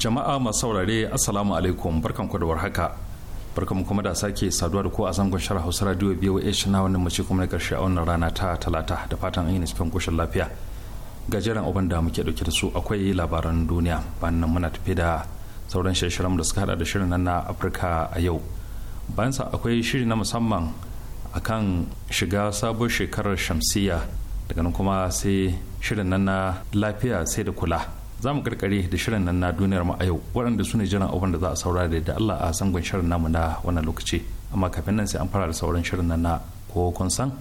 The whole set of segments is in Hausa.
jama'a masu saurare assalamu alaikum barkan ku da warhaka barkan mu kuma da sake saduwa da ku a zangon shara hausa radio shi na wannan mace kuma na karshe a wannan rana ta talata da fatan an yi cikin koshin lafiya gajeren abin da muke dauke da su akwai labaran duniya bayan muna tafi da sauran shirin da suka hada da shirin nan na afirka a yau bayan sa akwai shiri na musamman akan shiga sabon shekarar shamsiya daga nan kuma sai shirin nan na lafiya sai da kula za mu karkare da shirin nan na duniyar mu a yau waɗanda su ne jiran abin da za a saura da yadda Allah a sangon shirin namu na wannan lokaci amma kafin nan sai an fara da sauran shirin nan na kokon san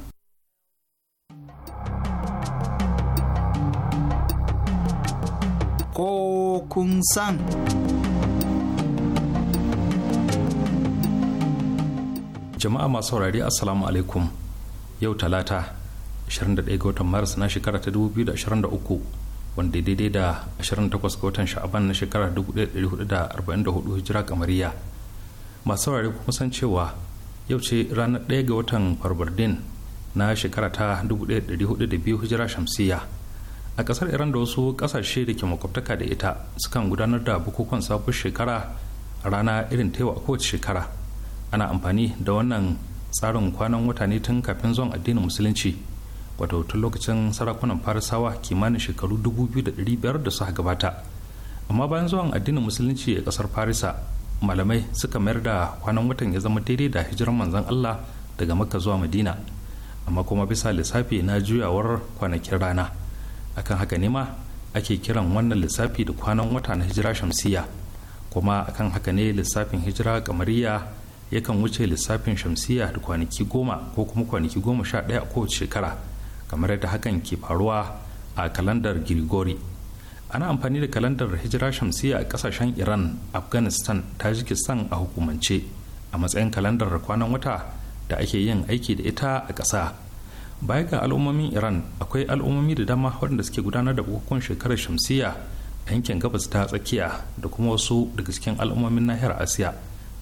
san jama'a masu saurari assalamu alaikum yau talata 21 ga watan maris na shekara ta 2023 wanda daidai da 28 ga watan sha'aban na shekarar 1444 hijira kamariya masu saurare kuma san cewa yau ce ranar 1 ga watan farbardin na shekara ta 1402 hijira shamsiya a kasar iran da wasu kasashe da ke makwabtaka da ita sukan gudanar da bukukuwan sabon shekara a rana irin taiwa a kowace shekara ana amfani da wannan tsarin kwanan wata tun kafin zuwan addinin musulunci wato tun lokacin sarakunan farisawa kimanin shekaru 2500 da suka gabata amma bayan zuwan addinin musulunci a kasar farisa malamai suka mayar da kwanan watan ya zama daidai da hijirar manzan allah daga makka zuwa madina amma kuma bisa lissafi na juyawar kwanakin rana akan haka ne ma ake kiran wannan lissafi da kwanan wata na hijira shamsiya kuma akan haka ne lissafin hijira kamariya yakan wuce lissafin shamsiya da kwanaki goma ko kuma kwanaki goma sha ɗaya a kowace shekara kamar yadda hakan ke faruwa a kalandar Grigori. Ana amfani da kalandar hijira shamsiya a kasashen Iran, Afghanistan, Tajikistan a hukumance a matsayin kalandar kwanan wata da ake yin aiki da ita a ƙasa. Baya ga al'ummomin Iran akwai al'ummomi da dama waɗanda suke gudanar da bukukuwan shekarar shamsiya a yankin gabas ta tsakiya da kuma wasu daga cikin al'ummomin nahiyar Asiya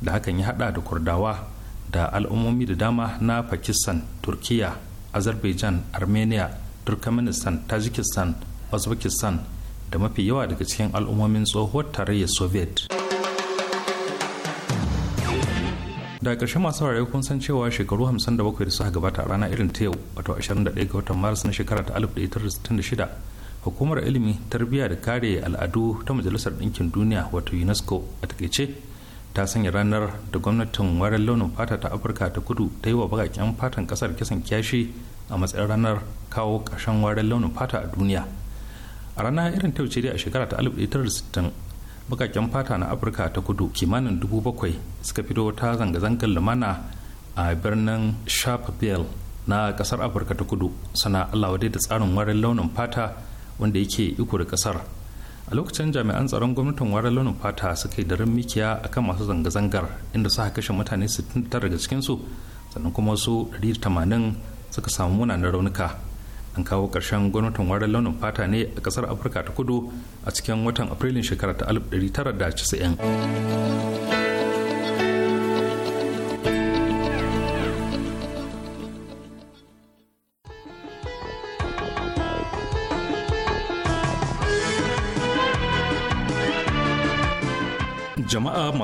da hakan ya haɗa da Kurdawa da al'ummomi da dama na Pakistan, Turkiya, azerbaijan armenia turkmenistan tajikistan uzbekistan da mafi yawa daga cikin al'ummomin tsohuwar tarayyar soviet da ƙarshen masu saurare kun san cewa shekaru 57 da suka gabata a rana irin ta yau wato 21 ga watan maris na shekara ta 1966 hukumar ilimi tarbiyya da kare al'adu ta majalisar ɗinkin duniya wato unesco a takaice ta sanya ranar da gwamnatin warin launin fata ta afirka ta kudu ta yi wa bakaken fatan kasar kisan kyashi a matsayin ranar kawo ƙarshen warin launin fata a duniya a rana irin ta wuce a shekara ta 1960 bakaken fata na afirka ta kudu kimanin dubu bakwai suka fito ta zanga-zangar lumana a birnin sharpeville na kasar afirka ta kudu suna allah da tsarin warin launin fata wanda yake iko da kasar a lokacin jami'an tsaron gwamnatin warar launin fata suka yi daren mikiya akan masu zanga-zangar inda suka kashe mutane 69 daga cikinsu sannan kuma wasu 180 suka samu munanan raunuka an kawo ƙarshen gwamnatin warar launin fata ne a ƙasar afirka ta kudu a cikin watan afrilun shekara ta 1990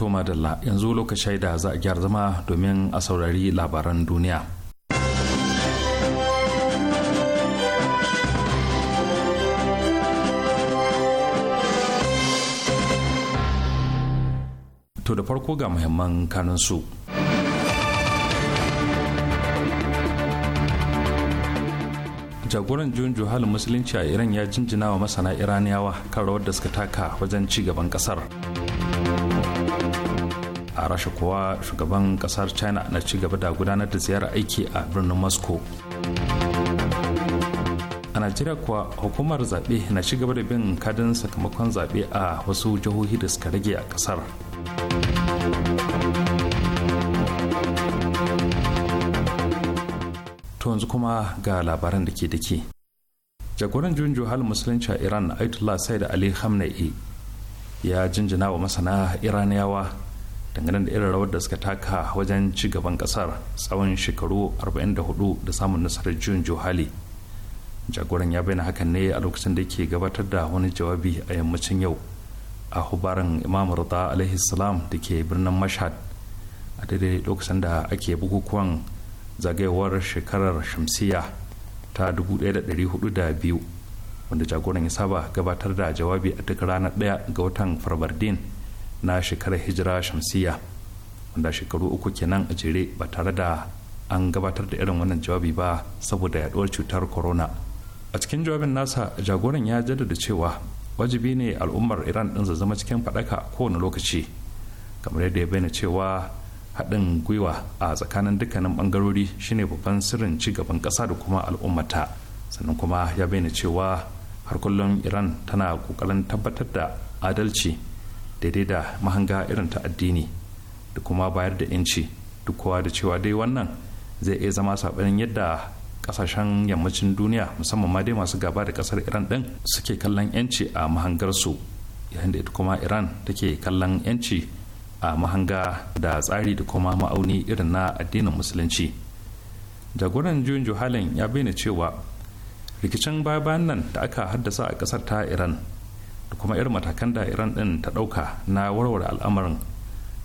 To madalla yanzu lokacin da za a gyara zama domin a saurari labaran duniya. To da farko ga muhimman kanunsu. jagoran jun juhalin musulunci a iran ya jinjina wa masana iraniyawa kan rawar da suka taka wajen ci gaban kasar a rasha kuwa shugaban kasar china na ci gaba da gudanar da ziyarar aiki a birnin moscow a najeriya kuwa hukumar zaɓe na ci gaba da bin kadin sakamakon zaɓe a wasu jihohi da suka rage a kasar. to yanzu kuma ga labaran da ke dake jagoran juyin juhal musulunci a iran ayatollah da ali khamenei ya jinjina wa masana iraniyawa dangane da irin rawar da suka taka wajen ci gaban kasar tsawon shekaru 44 da samun nasarar juyin johali jagoran ya bayyana hakan ne a lokacin da ke gabatar da wani jawabi a yammacin yau a hubaran imam rida alaihi salam da ke birnin mashad a daidai lokacin da ake bukukuwan zagayowar shekarar shamsiya ta 1402 wanda jagoran ya saba gabatar da jawabi a duk ranar 1 ga watan farbardin na shekarar hijira shamsiya wanda shekaru uku kenan a jere ba tare da an gabatar da irin wannan jawabi ba saboda yaduwar cutar corona a cikin jawabin nasa jagoran ya jaddada cewa wajibi ne al'ummar iran din zama cikin faɗaka kowane lokaci kamar yadda ya bayyana cewa haɗin gwiwa a tsakanin dukkanin bangarori shine babban sirrin ci gaban ƙasa da kuma al'ummata sannan kuma ya bayyana cewa har kullum iran tana ƙoƙarin tabbatar da adalci daidai da mahanga irin ta addini da kuma bayar da yanci duk kowa da cewa dai wannan zai iya zama saɓanin yadda kasashen yammacin duniya musamman ma dai masu gaba da kasar iran din suke kallon yanci a mahangarsu yayin da ita kuma iran take kallon yanci a mahanga da tsari da kuma ma'auni irin na addinin musulunci jagoran juyin juhalin ya bayyana cewa rikicin bayan nan da aka haddasa a kasar ta iran da kuma irin matakan da iran ɗin ta ɗauka na warware al'amarin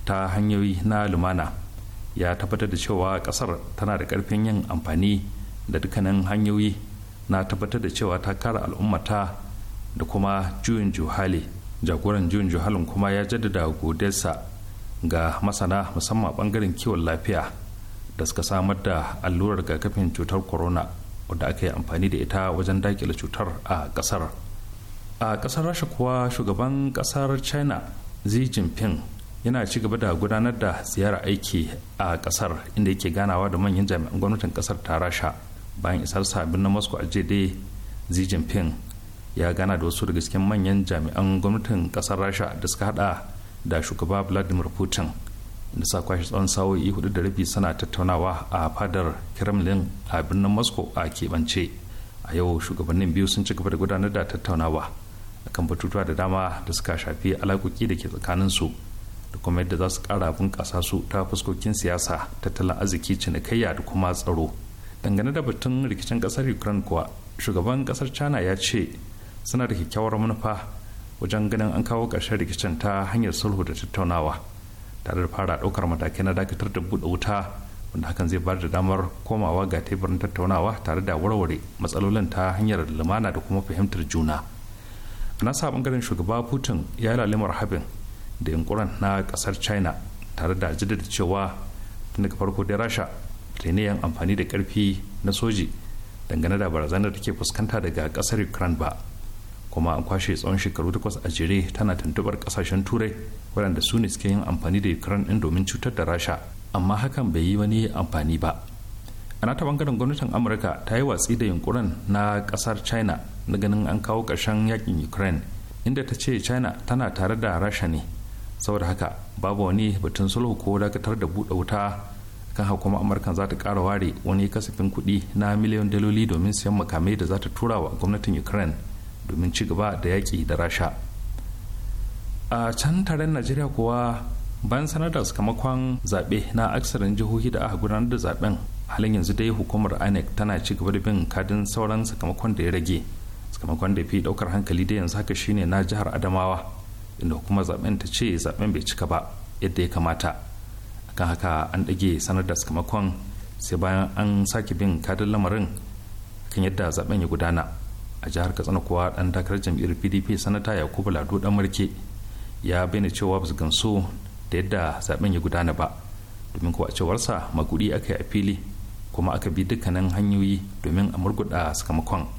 ta hanyoyi na lumana ya tabbatar da cewa ƙasar tana da karfin yin amfani da dukkanin hanyoyi na tabbatar da cewa ta kara al'ummata da kuma juyin juhali jagoran juyin juhalin kuma ya jaddada godesa ga masana musamman bangaren kiwon lafiya da suka samar da allurar rigakafin cutar corona wadda aka yi amfani da ita wajen dakile cutar a ƙasar. a kasar rasha kuwa shugaban kasar china xi jinping yana ci gaba da gudanar da ziyara aiki a kasar inda yake ganawa da manyan jami'an gwamnatin kasar ta rasha bayan isar sabbin na moscow a jade xi jinping ya gana da wasu daga cikin manyan jami'an gwamnatin kasar rasha da suka hada da shugaba vladimir putin da sa kwashe tsawon sa'o'i hudu da rabi suna tattaunawa a fadar kremlin a birnin moscow a keɓance a yau shugabannin biyu sun ci gaba da gudanar da tattaunawa akan batutuwa da dama da suka shafi alaƙoƙi da ke tsakanin su da kuma yadda za su ƙara bunƙasa su ta fuskokin siyasa tattalin arziki cinikayya da kuma tsaro dangane da batun rikicin ƙasar ukraine kuwa shugaban ƙasar china ya ce suna da kyakkyawar manufa wajen ganin an kawo ƙarshen rikicin ta hanyar sulhu da tattaunawa tare da fara ɗaukar matakai na dakatar da buɗe wuta wanda hakan zai bada damar komawa ga teburin tattaunawa tare da warware matsalolin ta hanyar lumana da kuma fahimtar juna. na sa bangaren shugaba putin ya yi lalimar habin da yankuran na kasar china tare da da cewa tun daga farko da rasha ta yi yan amfani da karfi na soji dangane da barazanar da ke fuskanta daga kasar ukraine ba kuma an kwashe tsawon shekaru takwas a jere tana tuntubar kasashen turai waɗanda su ne suke yin amfani da ukraine ɗin domin cutar da rasha amma hakan bai yi wani amfani ba a nata bangaren gwamnatin amurka ta yi watsi da yunkurin na kasar china na ganin an kawo ƙarshen yakin ukraine inda ta ce china tana tare da rasha ne saboda haka babu wani batun sulhu ko dakatar da buɗe wuta kan hukumar amurka za ta ƙara ware wani kasafin kuɗi na miliyan daloli domin siyan makamai da za ta tura wa gwamnatin ukraine domin ci gaba da yaƙi da rasha a can taron najeriya kuwa bayan sanar da sakamakon zaɓe na aksarin jihohi da aka gudanar da zaɓen halin yanzu dai hukumar inec tana ci gaba da bin kadin sauran sakamakon da ya rage sakamakon da fi ɗaukar hankali da yanzu haka shine na jihar adamawa inda hukumar zaɓen ta ce zaɓen bai cika ba yadda ya kamata akan haka an ɗage sanar da sakamakon sai bayan an sake bin kadin lamarin kan yadda zaɓen ya gudana a jihar katsina kuwa ɗan takarar jam'iyyar pdp sanata yakubu lado ɗan marke ya bayyana cewa ba su da yadda zaben ya gudana ba domin kuwa cewarsa magudi aka yi a fili kuma aka bi dukkanin hanyoyi domin a murguda sakamakon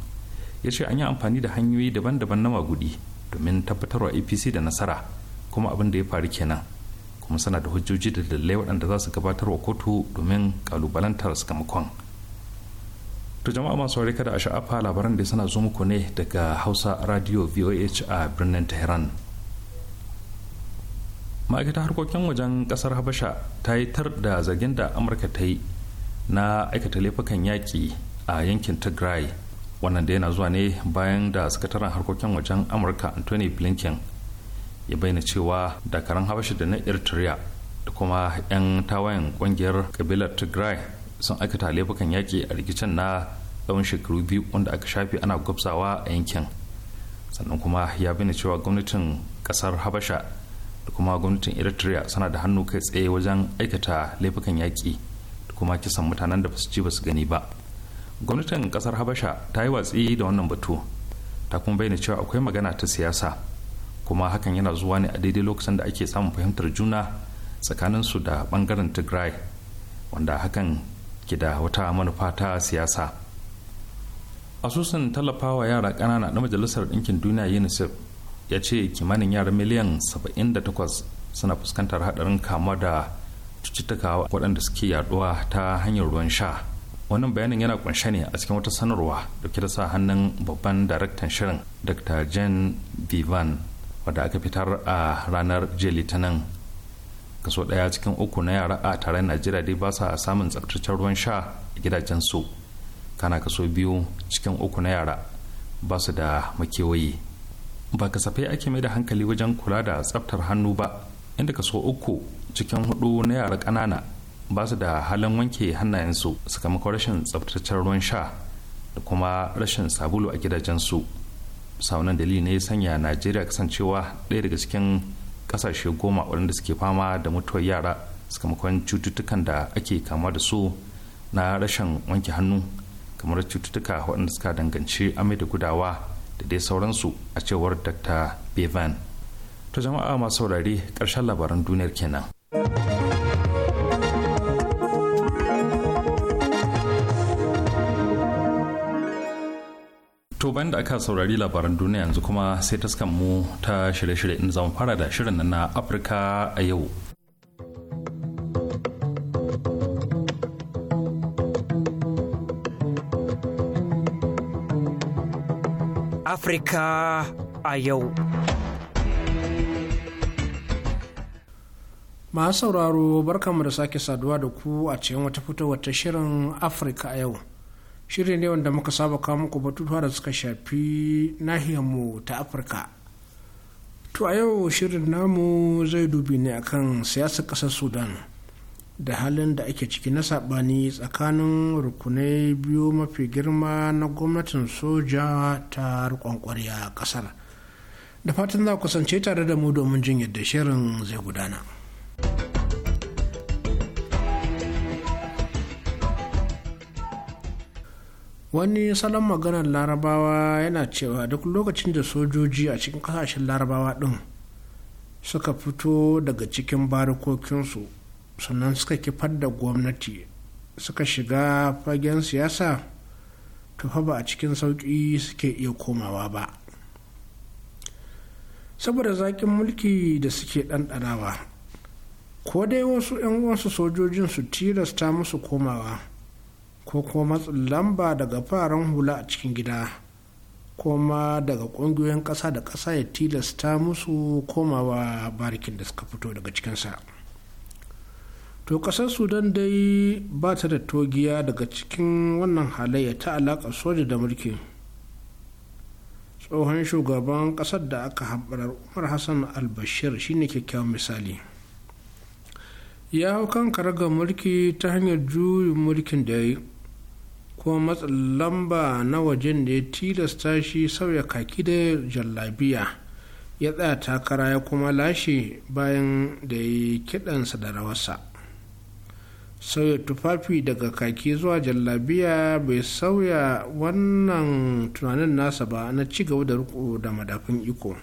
ya ce an yi amfani da hanyoyi daban-daban na magudi domin tabbatarwa apc da nasara kuma abin da ya faru kenan kuma sana da hujjoji da dalilai waɗanda za su gabatar wa kotu domin kalubalantar sakamakon to jama'a masu kada a sha'afa labaran da suna zo muku ne daga hausa radio voh a birnin tehran ma'aikatar harkokin wajen kasar habasha ta yi tar da zargin da amurka ta yi na aikata laifukan yaƙi a yankin tigray wannan da yana zuwa ne bayan da sakataren harkokin wajen amurka anthony blinken ya bayyana cewa dakaran habasha da na eritrea da kuma 'yan tawayen kungiyar kabilar tigray sun aikata laifukan yaƙi a rikicin na tsawon shekaru biyu wanda aka shafe ana gwabsawa a yankin sannan kuma ya bayyana cewa gwamnatin kasar habasha da kuma gwamnatin eritrea suna da hannu kai tsaye wajen aikata laifukan yaƙi da kuma kisan mutanen da basu ci basu gani ba gwamnatin ƙasar habasha ta yi watsi da wannan batu ta kuma bayyana cewa akwai magana ta siyasa kuma hakan yana zuwa ne a daidai lokacin da ake samun fahimtar juna tsakanin su da bangaren tigray wanda hakan ke da wata manufa ta siyasa asusun tallafawa yara ƙanana na majalisar ɗinkin duniya unicef ya ce kimanin yara miliyan 78 suna fuskantar hadarin kamuwa da cututtuka waɗanda suke yaduwa ta hanyar ruwan sha wannan bayanin yana kunshe ne a cikin wata sanarwa dauke da sa hannun babban daraktan shirin dr jen vivan wadda aka fitar a ranar jiya litinin kaso ɗaya cikin uku na yara a tare najeriya dai ba sa samun tsabtaccen ruwan sha a gidajensu kana kaso biyu cikin uku na yara ba su da makewayi ba kasafai ake mai da hankali wajen kula da tsaftar hannu ba inda kaso uku cikin hudu na yara ƙanana ba su da halin wanke hannayensu sakamakon rashin tsabtaccen ruwan sha da kuma rashin sabulu a gidajensu saunan dalili ne sanya najeriya kasancewa ɗaya daga cikin ƙasashe goma waɗanda suke fama da mutuwar yara sakamakon cututtukan da ake kama da su na rashin wanke hannu kamar cututtuka waɗanda suka danganci amai da gudawa da dai sauransu a cewar dr bevan to jama'a masu saurari ƙarshen labaran duniyar kenan. To bayan da aka saurari labaran duniya yanzu kuma sai taskan mu ta shirye-shirye in zama fara da shirin na Afirka a yau. Afirka a yau. Masu sauraro barkanmu da sake saduwa da ku a cikin wata fitowar ta shirin Afirka a yau. Shiri ne wanda muka saba kawo muku batutuwa da suka shafi nahiyarmu ta Afirka. To a yau shirin namu zai dubi ne akan siyasar ƙasar Sudan. da halin da ake ciki na saɓani tsakanin rukunai biyu mafi girma na gwamnatin soja ta kwankwariya ƙasar da fatan za kusance tare da mu domin jin yadda shirin zai gudana wani salon maganar larabawa yana cewa duk lokacin da sojoji a cikin kasashen larabawa ɗin suka fito daga cikin barikokinsu sannan suka kifar da gwamnati suka shiga fagen siyasa tufa ba a cikin sauƙi suke iya komawa ba saboda zaƙin mulki da suke ɗanɗanawa ko dai wasu 'yan wasu sojojin su tilasta musu komawa ko kuma matsin lamba daga faran hula a cikin gida kuma daga ƙungiyoyin ƙasa da ƙasa ya tilasta musu komawa barikin da suka fito daga cikinsa. to kasar sudan dai ba ta da togiya daga cikin wannan halayya ta alaƙa soja da mulki tsohon shugaban kasar da aka haɓarar umar hassan albashir shine kyakkyawan misali ya hau kan ga mulki ta hanyar juyin mulkin da ya yi kuma matsin lamba na wajen da ya tilasta shi sauya kaki da jallabiya ya tsaya takara ya kuma lashe bayan da ya yi kiɗansa da rawarsa sauya tufafi daga kaki zuwa jallabiya bai sauya wannan tunanin nasa ba na ci gaba da riko da madafin iko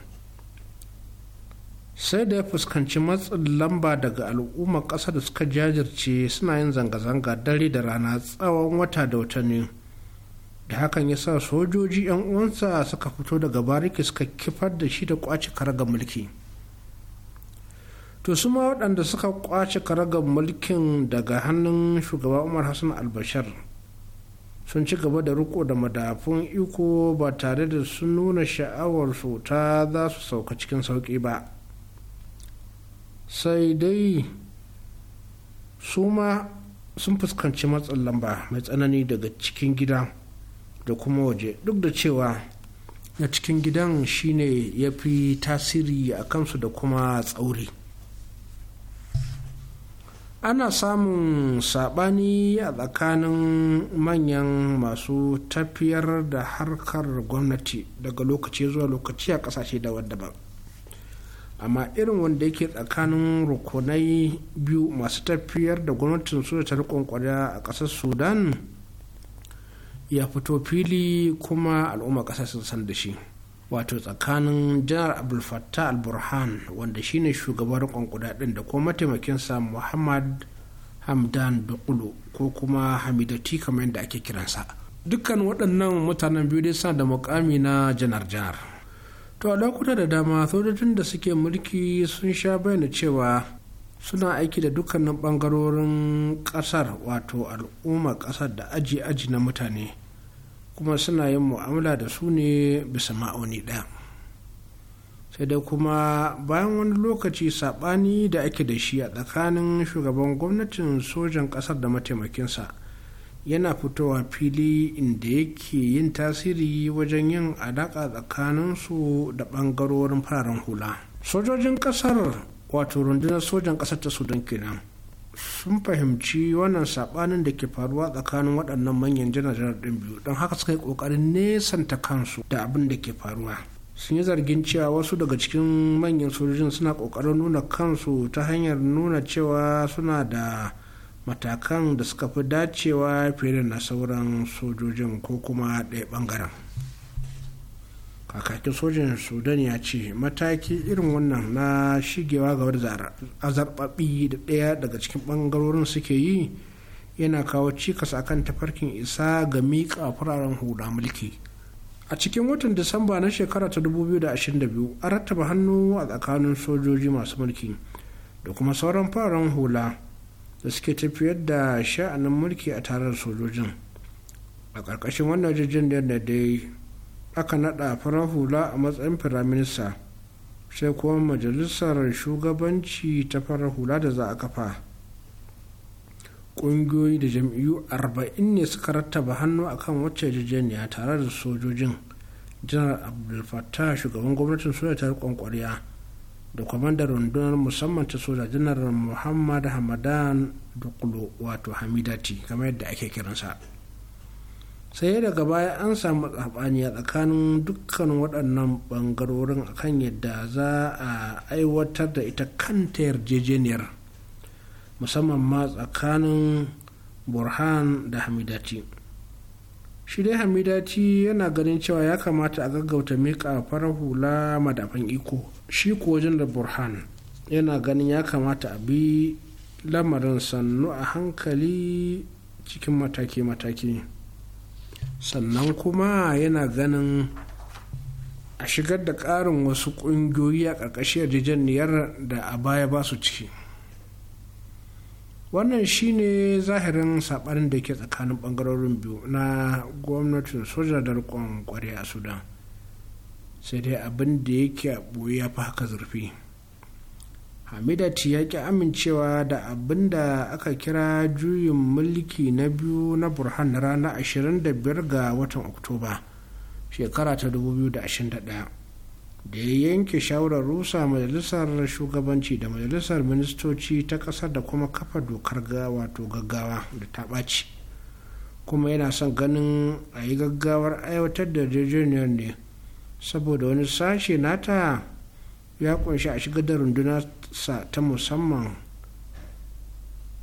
sai da ya fuskanci matsin lamba daga al'ummar ƙasa da suka jajirce suna yin zanga-zanga dare da rana tsawon wata da watanni da hakan ya sa sojoji 'yan uwansa suka fito daga bariki suka kifar da shi da kwaci ga mulki. to su ma waɗanda suka kwace karagar mulkin daga hannun shugaba umar hassan albashar sun ci gaba da riko da madafun iko ba tare da sun nuna sha'awarsu ta za su sauka cikin sauƙi ba sai dai su ma sun fuskanci matsin lamba mai tsanani daga cikin gida da kuma waje duk da cewa na cikin gidan shine ya fi tasiri a kansu da kuma tsauri. ana samun saɓani a tsakanin manyan masu tafiyar da harkar gwamnati daga lokaci zuwa lokaci a kasashe daban-daban amma irin wanda yake tsakanin rukunai biyu masu tafiyar da gwamnatin su da riƙon a ƙasar sudan ya fito fili kuma al'umma ƙasar sun san da shi wato tsakanin janar abdulfattah al-burhan wanda shine shugaban rikon kudaden da mataimakin mataimakinsa muhammad hamdan dukulu ko kuma hamidati kamar yadda ake kiransa dukkan waɗannan mutanen biyu dai suna da mukami na janar-janar to a lokuta da dama sojojin da suke mulki sun sha bayyana cewa suna aiki da dukkanin ɓangarorin ƙasar wato al'ummar ƙasar da aji-aji na mutane kuma suna yin mu'amala da su ne bisa ma'auni ɗaya sai dai kuma bayan wani lokaci saɓani da ake da shi a tsakanin shugaban gwamnatin sojan ƙasar da mataimakinsa yana fitowa fili inda yake yin tasiri wajen yin alaƙa tsakaninsu da ɓangarorin fararen hula sojojin ƙasar wato rundunar sojan ƙasar ta sudan kenan sun fahimci wannan sabanin da ke faruwa tsakanin waɗannan manyan janar ɗin biyu don haka suka yi ƙoƙarin nesanta kansu da abin da ke faruwa sun yi zargin cewa wasu daga cikin manyan sojojin suna ƙoƙarin nuna kansu ta hanyar nuna cewa suna da matakan da suka fi dacewa fiye da na sauran sojojin ko kuma ɗaya ɓangaren kakakin sojan sudan ya ce mataki irin wannan na shigewa ga wani azarbabi da ɗaya daga cikin ɓangarorin suke yi yana kawo cikas akan tafarkin isa ga miƙa fararen hula mulki a cikin watan disamba na shekara ta 2022 an rattaba hannu a tsakanin sojoji masu mulki da kuma sauran fararen hula da suke tafiyar da sha'anin mulki a tarar sojojin a ƙarƙashin wannan jirgin da dai aka nada farar hula a matsayin firaminista sai kuma majalisar shugabanci ta farar hula da za a kafa ƙungiyoyi da jam'iyyu 40 ne suka rattaba hannu a kan wacce yarjejeniya tare da sojojin janar abdulfattah shugaban gwamnatin soja ta riƙon ƙwarya da kwamandar rundunar musamman ta soja janar muhammad hamadan duklo wato hamidati kamar yadda ake kiransa. sai daga baya an samu tsabani a tsakanin dukkan waɗannan ɓangarorin akan yadda za a aiwatar da ita kanta yarjejeniyar musamman ma tsakanin burhan da hamidati shi dai hamidati yana ganin cewa ya kamata a gaggauta mika farar hula madafan iko shi ko wajen da burhan yana ganin ya kamata a bi lamarin sannu a hankali cikin mataki-mataki sannan kuma yana ganin a shigar da ƙarin wasu ƙungiyoyi a ƙarƙashin yarjejeniyar da a baya ba su ciki wannan shine zahirin saɓanin da ke tsakanin ɓangarorin biyu na gwamnatin soja da riƙon ƙwarya a sudan sai dai abin da yake a ɓoye ya fi haka zurfi hamidat ya ki amincewa da abin da aka kira juyin mulki na biyu na burhan ranar 25 ga watan oktoba shekara ta 2021 da ya yanke shawarar rusa majalisar shugabanci da majalisar ministoci ta ƙasar da kuma kafa dokar wato gaggawa da ta ɓaci kuma yana son ganin a yi gaggawar aiwatar da ne saboda wani sashe nata ya kunshi a shiga da rundunarsa ta musamman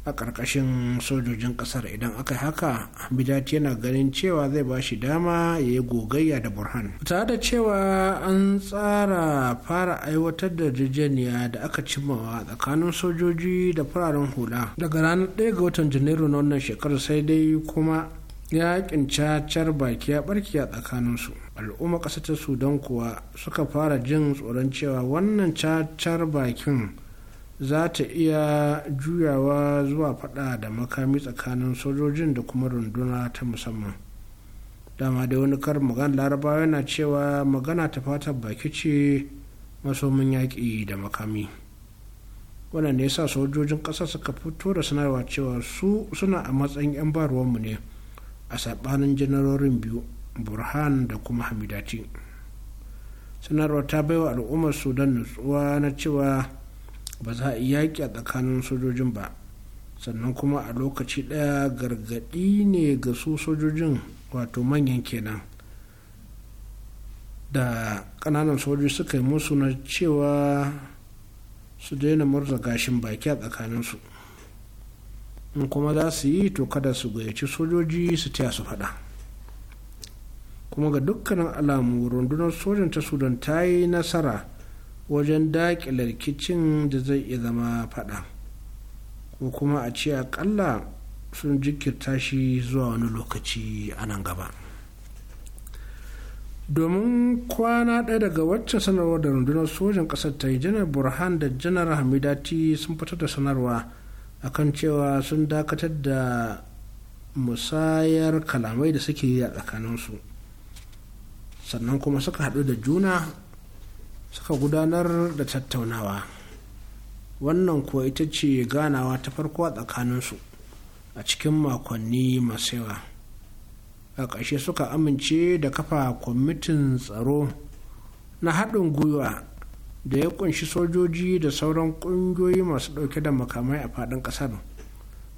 a ƙarƙashin sojojin ƙasar idan aka haka bidat yana ganin cewa zai ba shi dama ya yi gogayya da burhan tare da cewa an tsara fara aiwatar da jijeniya da aka cimawa tsakanin sojoji da fararen hula daga ranar 1 ga watan janairu na wannan shekarar sai dai kuma Yaƙin cacar baki ya barki a tsakaninsu al'umma ƙasar ta sudan kuwa suka fara jin tsoron cewa wannan cacar bakin za ta iya juyawa zuwa fada da makami tsakanin sojojin da kuma runduna ta musamman dama da wani kar magana larabawa yana cewa magana ta fata baki ce masomin yaƙi da makami wannan ne sa sojojin ƙasa suka fito da sanarwa cewa su suna a matsayin 'yan barwanmu ne a saɓanin janarorin biyu burhan da kuma hamidati sanarwa ta baiwa al'ummar sudan nutsuwa na cewa ba za a yi yaƙi a tsakanin sojojin ba sannan kuma a lokaci ɗaya gargaɗi ne ga su sojojin wato manyan kenan da ƙananan sojoji suka yi musu na cewa su daina murza gashin baki a tsakanin su. in kuma za su yi to kada su gayyaci sojoji su taya su faɗa kuma ga dukkanin alamu rundunar sojan ta sudan ta yi nasara wajen daƙile rikicin da zai iya zama faɗa ko kuma a ce akalla sun jikirta shi zuwa wani lokaci a nan gaba domin kwana ɗaya daga wacce sanarwar da rundunar sojan ƙasar ta yi janar burhan da janar hamidati sun fitar da sanarwa akan cewa sun dakatar da musayar kalamai da suke yi a tsakaninsu sannan kuma suka haɗu da juna suka gudanar da tattaunawa wannan kuwa ita ce ganawa ta farko a tsakaninsu a cikin makonni masu yawa a ƙarshe suka amince da kafa kwamitin tsaro na haɗin gwiwa da ya kunshi sojoji da sauran kungiyoyi masu dauke da makamai a fadin kasar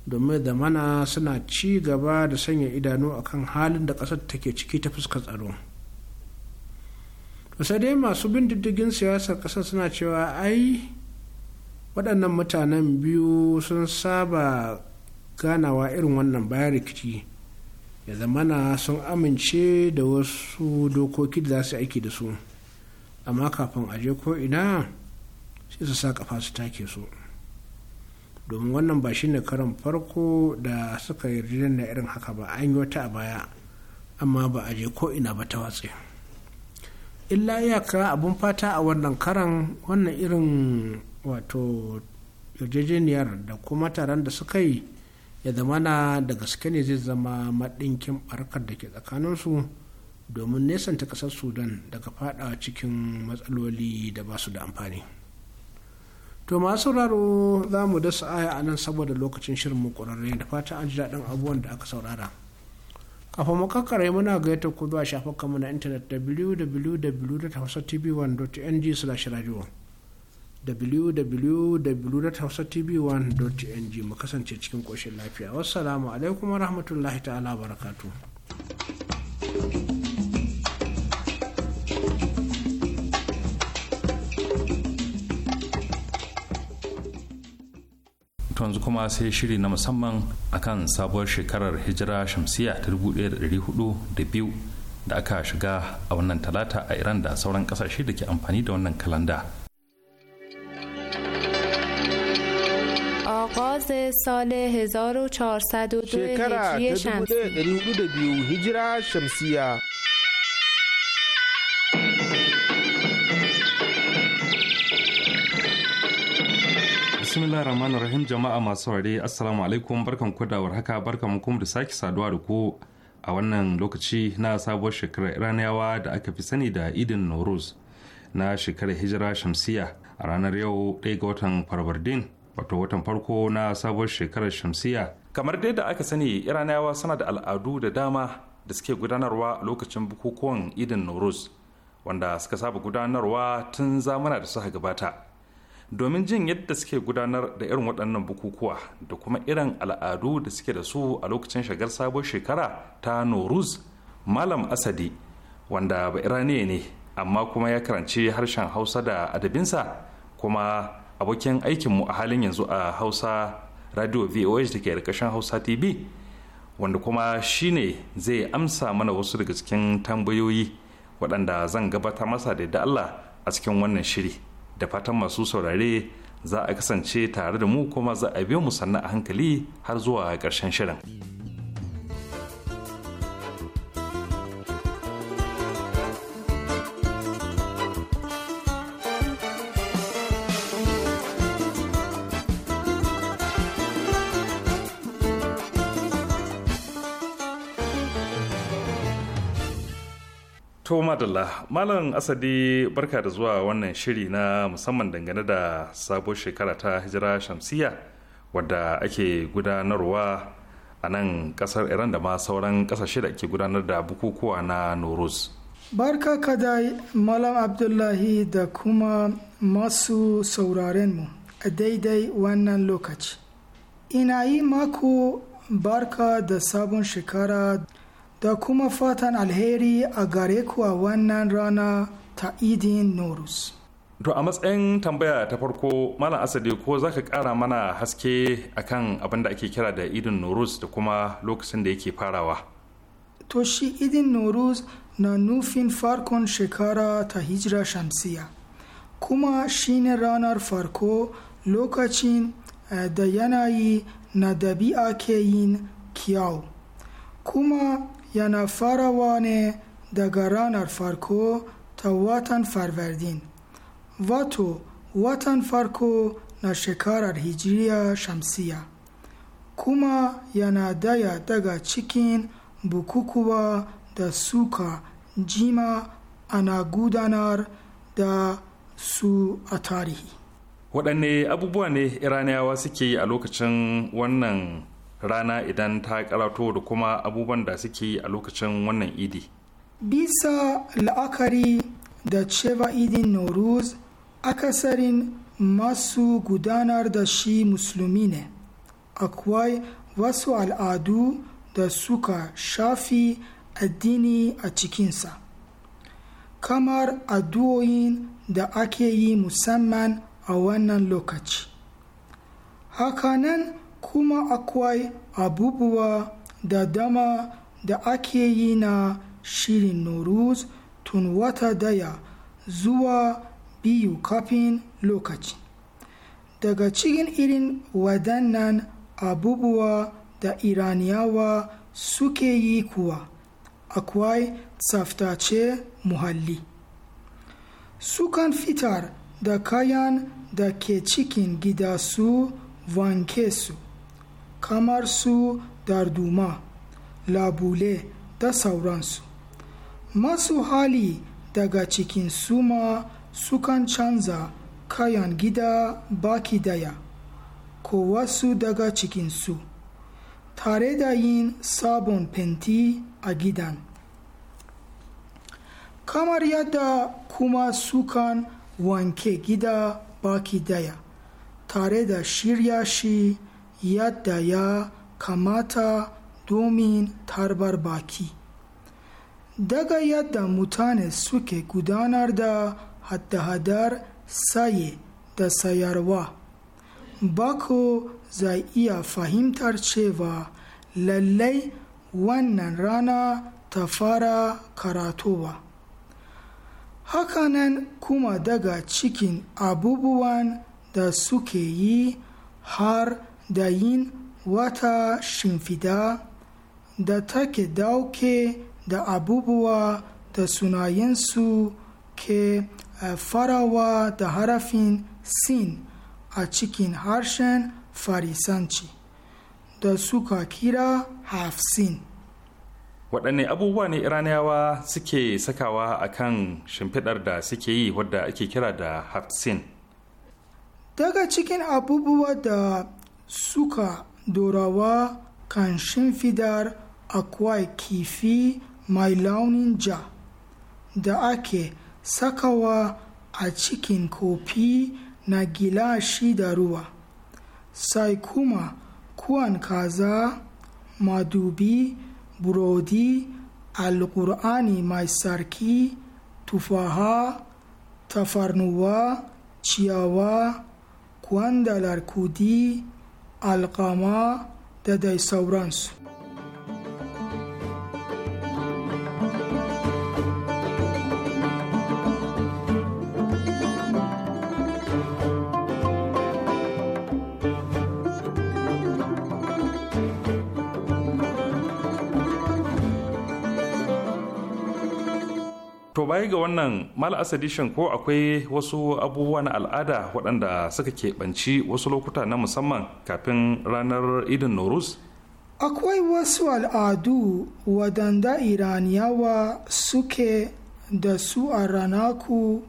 domin da mana suna ci gaba da sanya idanu a kan halin da kasar take ciki ta fuskar tsaro sai dai masu bin diddigin siyasar kasar suna cewa ai waɗannan mutanen biyu sun saba ganawa irin wannan bayan rikici ya zamana sun amince da wasu dokoki da za su aiki da su. amma kafin a je ko ina sai su sa kafa su take so domin wannan ba shine karan farko da suka yi na irin haka ba an yi wata a baya amma ba a je ko ina ba ta watse illa iyaka abun fata a wannan karan wannan irin wato yarjejeniyar da kuma taron da suka yi ya zama na da gaske ne zai zama maɗinkin barkar da ke tsakaninsu domin nesanta ƙasar sudan daga fada cikin matsaloli da ba su da amfani to masu sauraro za mu dasa aya a nan saboda lokacin shirin mu kurare da fata an ji daɗin abubuwan da aka saurara kafa kakkare muna gaita ku zuwa kanmu na intanet wwwtv 1ng slash radio wwwtv 1ng mu kasance cikin ƙoshin lafiya wassalamu alaikum warahmatullahi ta'ala barakatu. yanzu kuma sai shiri na musamman a kan sabuwar shekarar hijira shamsiya ta 1402 da aka shiga a wannan talata a iran da sauran kasashe da ke amfani da wannan kalanda آغاز سال 1402 da شمسیه bismillah rahman rahim jama'a masu ware assalamu alaikum barkan ku da warhaka barkan kuma da sake saduwa da ku a wannan lokaci na sabuwar shekara iraniyawa da aka fi sani da idin nauruz na shekarar hijira shamsiya a ranar yau ɗaya ga watan farbardin wato watan farko na sabuwar shekarar shamsiyya. kamar dai da aka sani iraniyawa suna da al'adu da dama da suke gudanarwa lokacin bukukuwan idin nauruz wanda suka saba gudanarwa tun zamana da suka gabata domin jin yadda suke gudanar da irin waɗannan bukukuwa da kuma irin al'adu da suke da su a lokacin shagar sabon shekara ta noruz malam asadi wanda ba iraniya ne amma kuma ya karanci harshen hausa da adabinsa kuma abokin aikinmu a halin yanzu a hausa radio voh da ke ƙarƙashin hausa tv wanda kuma shine zai amsa mana wasu daga cikin tambayoyi waɗanda zan gabatar masa da Allah a cikin wannan shiri. da fatan masu saurare za a kasance tare da mu kuma za a biyo mu sannan a hankali har zuwa ƙarshen shirin. To madalla, Malam Asadi barka da zuwa wannan shiri na musamman dangane da sabuwar shekara ta hijira shamsiya wadda ake gudanarwa a nan kasar Iran da ma sauran kasashe da ke gudanar da bukukuwa na Noruz. Barka ka da Malam Abdullahi da kuma masu sauraren mu a daidai wannan lokaci. Ina yi mako barka da sabon shekara da kuma fatan alheri a gare ku a wannan rana ta idin norus to a matsayin tambaya ta farko malam asadi ko za ka kara mana haske akan abin da ake kira da idin norus da kuma lokacin da yake farawa to shi idin norus na nufin farkon shekara ta hijira shamsiya kuma shine ranar farko lokacin eh, da yanayi na dabi'a ke yin kyau kuma yana farawa ne daga ranar farko ta watan farvardin wato watan farko na shekarar hijiriya shamsiya kuma yana daya daga cikin bukukuwa da suka jima ana gudanar da su a tarihi waɗanne abubuwa ne iraniyawa suke yi a lokacin wannan rana idan ta karato da kuma abubuwan da suke a lokacin wannan idi bisa la'akari da cewa idin noruz akasarin masu gudanar da shi musulmi ne akwai wasu al'adu da suka shafi addini a cikinsa kamar addu'o'in da ake yi musamman a wannan lokaci hakanan kuma akwai abubuwa da dama da ake yi na shirin noruz tun wata daya zuwa biyu kafin lokaci daga cikin irin wadannan abubuwa da iraniyawa suke yi kuwa akwai tsaftace muhalli sukan fitar da kayan da ke cikin gida su wanke su kamar su darduma labule da sauransu masu hali daga cikin suma sukan canza kayan gida baki daya ko wasu daga cikinsu tare da yin sabon fenti a gidan kamar yadda kuma sukan wanke gida baki daya tare da shirya shi yadda ya kamata domin tarbar baki daga yadda mutane suke gudanar da hada-hadar saye da sayarwa bako zai iya fahimtar cewa lallai wannan rana ta fara karatowa hakanan kuma daga cikin abubuwan da suke yi har da yin wata shimfida da take dauke da abubuwa da sunayensu ke eh, farawa da harafin sin a cikin harshen farisanci da suka kira hafsin waɗanne abubuwa ne iraniyawa suke sakawa a kan shimfidar da suke yi wadda ake kira da hafsin daga cikin abubuwa da suka dorawa kan shimfidar akwai kifi mai launin ja da ake sakawa a cikin kofi na gilashi da ruwa sai kuma kuwan kaza madubi burodi alkur'ani mai sarki tufaha tafarnuwa ciyawa kwandalar kudi alkama da dai sauransu baya ga wannan mal asadishin ko akwai wasu abubuwa na al'ada waɗanda suka keɓanci wasu lokuta na musamman kafin ranar idin norus akwai wasu al'adu waɗanda iraniyawa suke da su a ranaku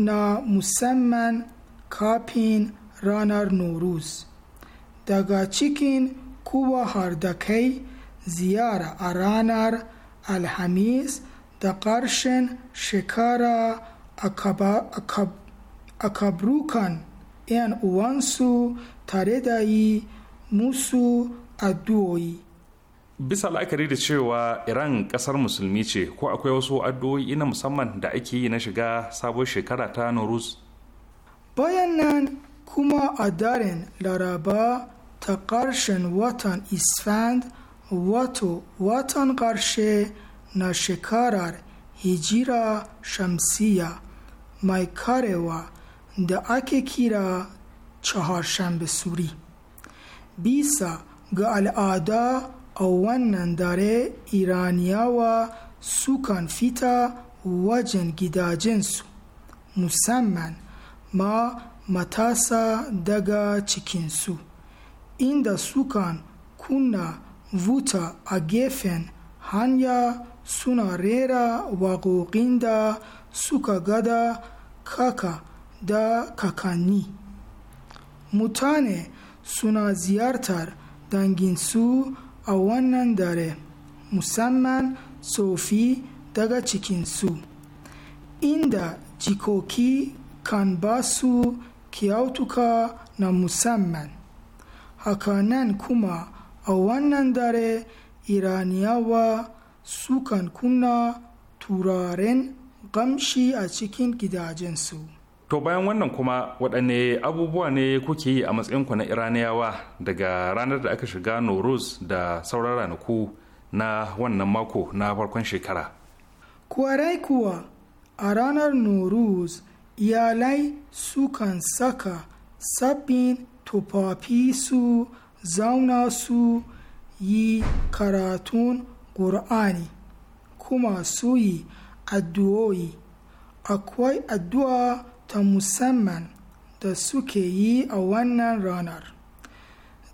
na musamman kafin ranar norus daga cikin kuwa har da kai ziyara a ranar alhamis da ƙarshen shekara a kabrukan ‘yan uwansu tare da yi musu addu'o'i. bisa la'akari da cewa iran kasar musulmi ce ko akwai wasu addu'o'i na musamman da ake yi na shiga sabon shekara ta norus bayan nan kuma a daren laraba ta ƙarshen watan isfand wato watan ƙarshe na shekarar hijira shamsiya mai karewa da ake kira shahararren suri bisa ga al'ada a wannan dare iraniyawa sukan fita wajen gidajensu musamman ma matasa daga cikinsu inda sukan kunna vuta a gefen hanya suna rera waƙoƙin da suka gada kaka da kakanni mutane suna ziyartar danginsu a wannan dare musamman sofi daga cikinsu inda jikoki kan ba su kyautuka na musamman hakanan kuma a wannan dare iraniyawa sukan kunna turaren gamshi a cikin gidajensu. To bayan wannan kuma waɗanne abubuwa ne kuke yi a matsayinku na Iraniyawa daga ranar da aka shiga Noruz da sauran ranaku na wannan mako na farkon shekara. Kwarai kuwa a ranar Noruz iyalai sukan saka sabbin tufafi su zauna su yi karatun ƙur'ani kuma suyi addu'o'i akwai addu'a ta musamman da suke yi a wannan ranar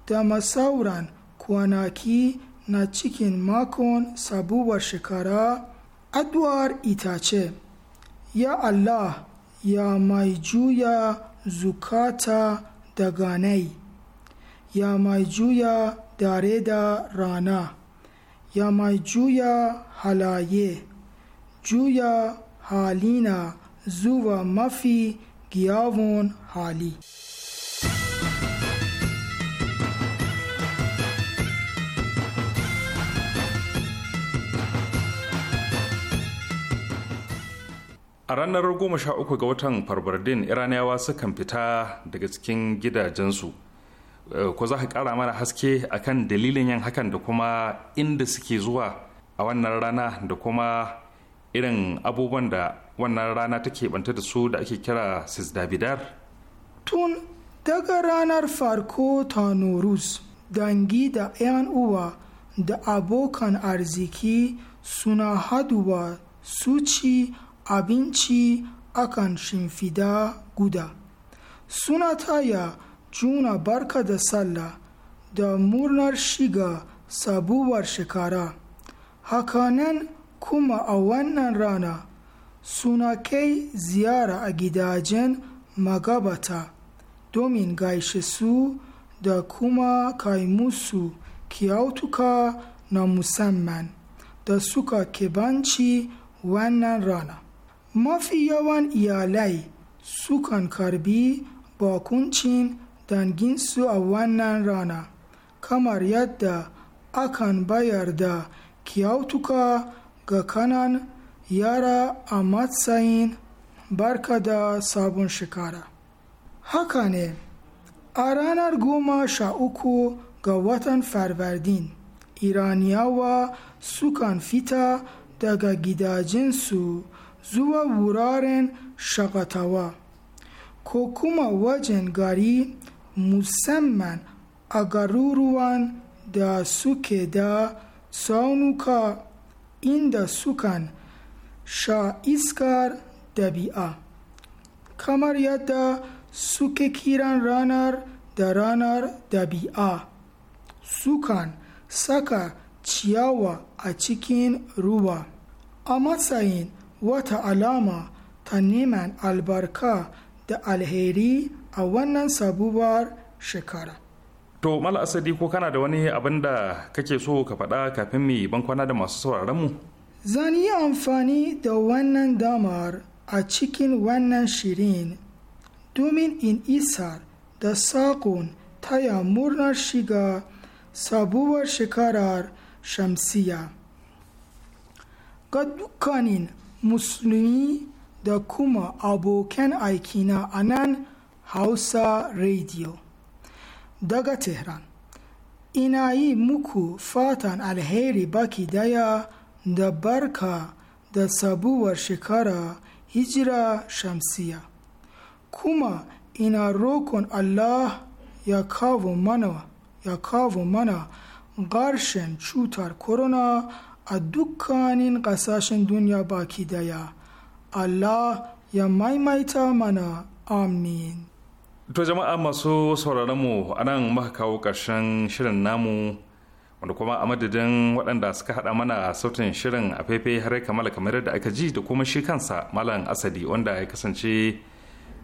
da masauran kwanaki na cikin makon sabuwar shekara addu'ar ita ce ya allah ya mai juya zukata da ganai ya mai juya dare da rana ya mai juya halaye juya halina zuwa mafi giyawon hali a ranar 13 ga watan farbardin iraniyawa sukan fita daga cikin gidajensu Eh, ko za ka kara mana haske akan dalilin yin hakan da kuma inda suke zuwa a wannan rana da kuma irin abubuwan da wannan rana take banta da su da ake kira sisdabidar tun daga ranar farko ta noruz dangi da 'yan uwa da abokan arziki suna haduwa su ci abinci akan shimfida guda suna taya juna barka da sallah da murnar shiga sabuwar shekara hakanan kuma a wannan rana suna kai ziyara a gidajen magabata domin gaishe su da kuma kai musu kyautuka na musamman da suka kebanci wannan rana mafi yawan iyalai sukan karbi bakuncin danginsu a wannan rana kamar yadda akan bayar da kyautuka ga kanan yara a matsayin barka da sabon shekara haka ne a ranar goma sha uku ga watan farvardin iraniyawa sukan fita daga gidajensu zuwa wuraren shakatawa ko kuma wajen gari musamman a garuruwan da suke da saunuka inda sukan sha iskar dabi'a kamar yadda suke kiran ranar da ranar dabi'a sukan saka ciyawa a cikin ruwa a matsayin wata alama ta neman albarka da alheri a wannan sabuwar shekara to mala asadi ko kana da wani abin da kake so ka faɗa kafin mai bankwana da masu sauraron zan yi amfani da wannan damar a cikin wannan shirin domin in isar da saƙon taya murnar shiga sabuwar shekarar shamsiya ga dukkanin musulmi da kuma abokan aikina a nan hausa radio daga tehran ina yi muku fatan alheri baki daya da barka da sabuwar shekara hijira shamsiya kuma ina rokon allah ya kawo mana ya kawo mana cutar corona a dukkanin ƙasashen duniya baki daya allah ya maimaita mana amin to jama'a masu sauraronmu a nan muka kawo ƙarshen shirin namu wanda kuma a madadin waɗanda suka haɗa mana sautin shirin a faifai har kamala kamar da aka ji da kuma shi kansa malam asadi wanda ya kasance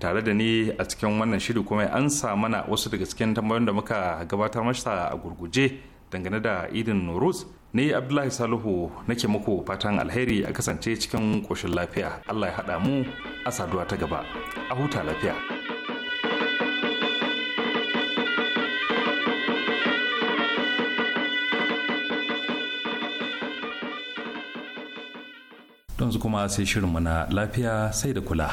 tare da ni a cikin wannan shiri kuma an sa mana wasu daga cikin tambayoyin da muka gabatar masa a gurguje dangane da idin nuruz ne abdullahi salihu nake muku fatan alheri a kasance cikin koshin lafiya allah ya haɗa mu a saduwa ta gaba a huta lafiya yanzu kuma sai shirinmu na lafiya sai da kula.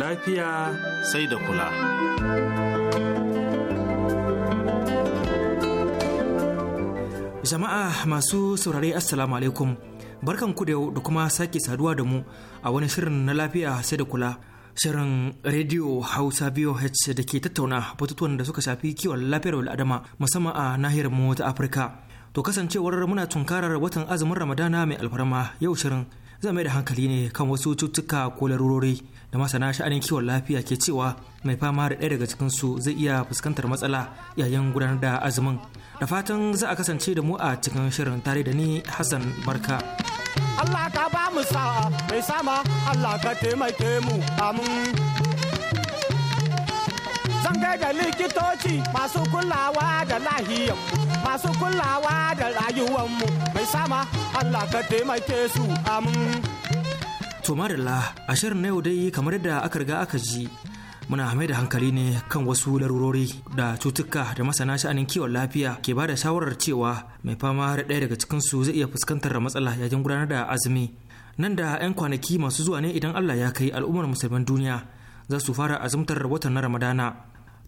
Lafiya sai da kula. Jama'a masu saurare Assalamu alaikum. Barkan ku da yau da kuma sake saduwa da mu a wani shirin na lafiya sai da kula. Shirin rediyo Hausa VOH da ke tattauna batutuwan da suka shafi kiwon lafiyar al'adama musamman a nahiyar mu ta Afirka. To kasancewar muna tunkarar watan azumin Ramadana mai alfarma yau shirin zai mai da hankali ne kan wasu cututtuka ko larurori da masana sha'anin kiwon lafiya ke cewa mai fama da ɗaya daga cikin su zai iya fuskantar matsala yayin gudanar da azumin. Da fatan za a kasance da mu a cikin shirin tare da ni Hassan Barka. Allah ka ba mu sa'a mai sama Allah ka taimake mu amin zan gaida likitoci masu kulawa da lahiyar masu kulawa da rayuwanmu mai sama Allah ka taimake su amin to a ashirin na yau dai kamar da aka riga aka ji muna mai da hankali ne kan wasu larurori da cutuka da masana sha'anin kiwon lafiya ke bada shawarar cewa mai fama da ɗaya daga su zai iya fuskantar matsala yayin gudanar da azumi nan da 'yan kwanaki masu zuwa ne idan allah ya kai al'ummar musulman duniya za su fara azumtar watan na ramadana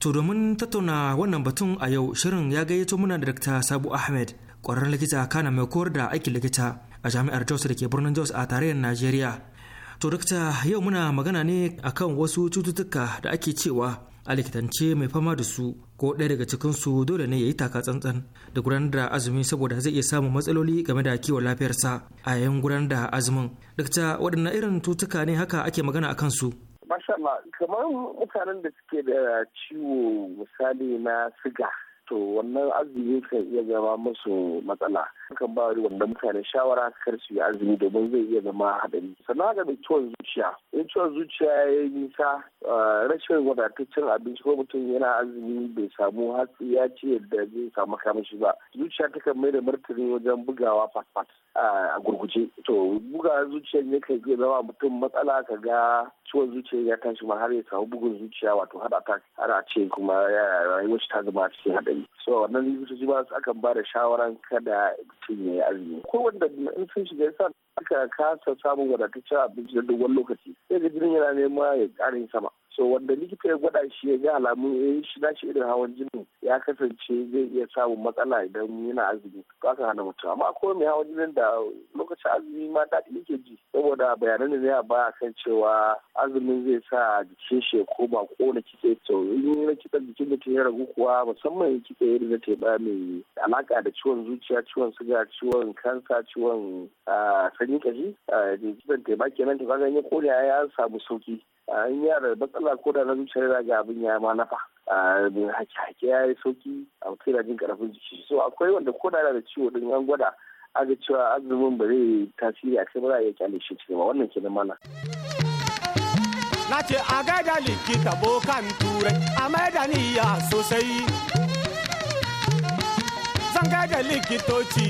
To domin tattauna wannan batun a yau shirin ya gayyato muna da Dr. Sabu Ahmed, ƙwararren likita kana mai koyar da aikin likita a jami'ar Jos da ke birnin Jos a tarayyar Najeriya. To dakta yau muna magana ne akan wasu cututtuka da ake cewa a likitance mai fama da su ko ɗaya daga cikin su dole ne ya yi taka tsantsan da gudanar da azumi saboda zai iya samun matsaloli game da kiwon lafiyarsa a yayin gudanar da azumin. dokta waɗanne irin cututtuka ne haka ake magana a su. Masha kamar mutanen da suke da ciwo misali na siga to wannan azumi kan iya zama musu matsala kan ba wanda mutane shawara kar su yi azumi domin zai iya zama haɗari sannan haka da ciwon zuciya in ciwon zuciya ya yi nisa eh, rashin wadataccen abinci ko mutum yana azumi bai samu hatsi ya ce yadda zai samu kamashi ba zuciya ta kan mai da martani wajen bugawa fat-fat eh, a gurguje to buga zuciya ne kan iya zama mutum matsala ka ga ciwon zuciya ya tashi ma har ya samu bugun zuciya wato haɗa ta har ce kuma eh, rayuwar ta zama cikin haɗari yi so wannan likitoci ba su akan ba da shawaran kada mutum ya yi azumi ko wanda in sun shiga yasa aka kasa samun wadataccen abinci da dogon lokaci sai ga jinin yana nema ya ƙarin sama so wanda likita ya gwada shi ya ga alamun ya eh, yi shi nashi irin hawan jini ya kasance zai iya samun matsala idan yana azumi ba aka hana mutum amma akwai mai hawan jinin da lokacin azumi ma daɗi yake ji saboda bayanan da zai baya kan cewa azumin zai sa jikin shi ya koma kona kitse to in na kitse jikin mutum ya ragu kuwa musamman kitse irin na teɓa mai alaka da ciwon zuciya ciwon suga ciwon kansa ciwon ah, sanyi kashi ah, kitsen teɓa kenan to kaga kone ya samu sauki yi yana da matsala ko da na zuciya yana ga abin ya ma nafa hake ya yi sauki a mutum yana jin karfin jiki so akwai wanda ko da yana da ciwo din an gwada aga cewa azumin ba zai tasiri a kai ba za a iya kyale shi cikin ba wannan kenan mana. Na ce a gaida likita bokan turai a da niyya sosai. Zan gaida likitoci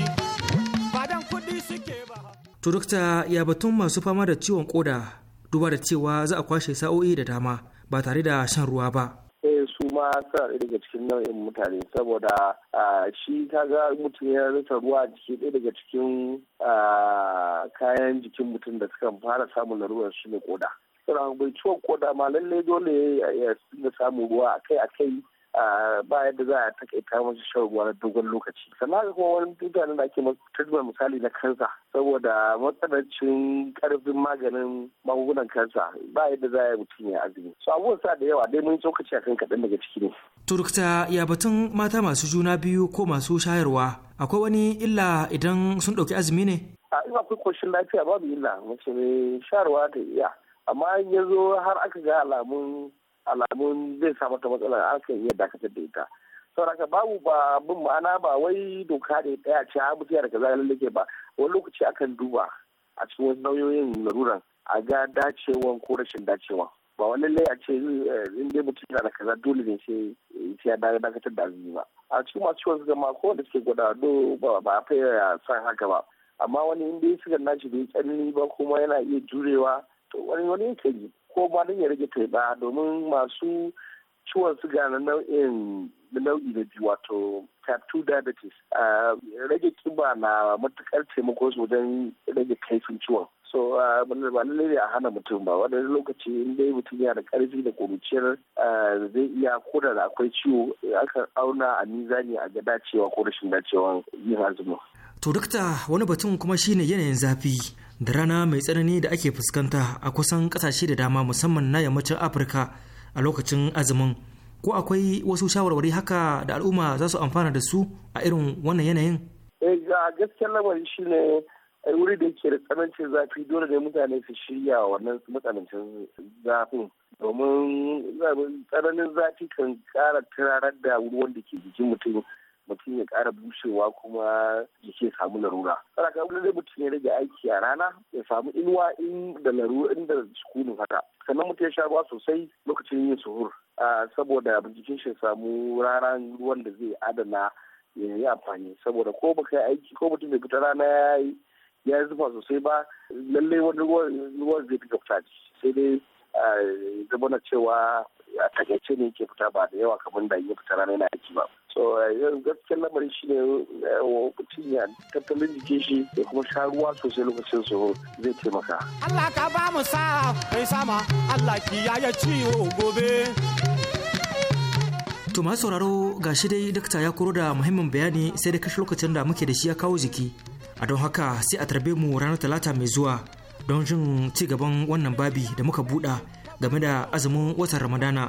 ba dan kuɗi suke ba. Turukta ya batun masu fama da ciwon koda duba da cewa za a kwashe sa'o'i da dama ba tare da shan ruwa ba eh su ma suna ɗaya daga cikin nau'in mutane saboda shi ta ga mutum ya rasa ruwa a jiki ɗaya daga cikin kayan jikin mutum da suka fara samun larurar shi ne koda. Saboda bai ciwon koda ma lallai dole ya samu ruwa akai-akai ba yadda za a takaita musu shan ruwa na dogon lokaci sannan haka kuma wani mutanen da ake treatment misali na kansa saboda matsanancin karfin maganin magungunan kansa ba yadda za a yi mutum ya azumi so abubuwan sa da yawa dai mun tsokaci a kan kaɗan daga ciki ne. turkta ya batun mata masu juna biyu ko masu shayarwa akwai wani illa idan sun ɗauki azumi ne. a ina akwai koshin lafiya babu illa mace mai shayarwa ta iya amma yanzu har aka ga alamun alamun zai samar da matsala an kan iya dakatar da ita saboda babu ba bin ma'ana ba wai doka da ya ce a mutu da kaza lalace ba wani lokaci akan duba a cikin wasu nauyoyin laruran a ga dacewan ko rashin dacewa ba wani lalle a ce eh, in dai mutum yana da kaza dole ne sai ya dakatar da azumi ba a cikin masu ciwon suga ma ko da suke gwada do ba a fayar san haka ba amma wani in dai suga naci bai tsanani ba kuma yana iya jurewa to wani wani yake yi ko ma don ya rage taiba domin masu ciwon suga na da nau'i da biyu wato type 2 diabetes rage kiba na matukar taimako wajen rage kaifin ciwon so ba lallai ne a hana mutum ba wani lokaci in dai mutum yana da karfi da kuruciyar zai iya ko da akwai ciwo aka auna a mizani a ga dacewa ko rashin dacewa yin azumi? to dukta wani batun kuma shine yanayin zafi da rana mai tsanani da ake fuskanta a kusan kasashe da dama musamman na yammacin afirka a lokacin azumin ko akwai wasu shawarwari haka da al'umma za su amfana da su a irin wannan yanayin eh, ga gaskiyar lamari shine eh, wuri da ke da tsanancin zafi dole ne mutane su shirya wannan matsanancin zafi, domin eh, tsananin zafi kan kara turarar da ruwan da ke jikin mutum mutum ya kara bushewa kuma ya samu larura. Kana ga wani mutum ya rage aiki a rana ya samu inuwa in da larura in da sukunin haka. Sannan mutum ya sha ruwa sosai lokacin yin suhur. Saboda jikin shi samu ranar ruwan da zai adana ya yi amfani saboda ko ba kai aiki ko mutum bai fita rana ya yi ya zufa sosai ba lallai wani ruwan zai fi fita sai dai zama na cewa a takaice ne ke fita ba da yawa kamar da ya fita rana yana aiki ba. so yanzu gaskiyar lamarin shi ne eh, mutum ya tattalin jikin shi da kuma sha ruwa sosai lokacin su zai taimaka. Allah ka ba mu sa mai sama Allah kiyaye ciwo gobe. To ma sauraro ga shi dai dakta ya koro da muhimmin bayani sai da kashe lokacin da muke da shi ya kawo jiki. A don haka sai a tarbe mu ranar talata mai zuwa don jin ci gaban wannan babi da muka buɗa game da azumin watan Ramadana.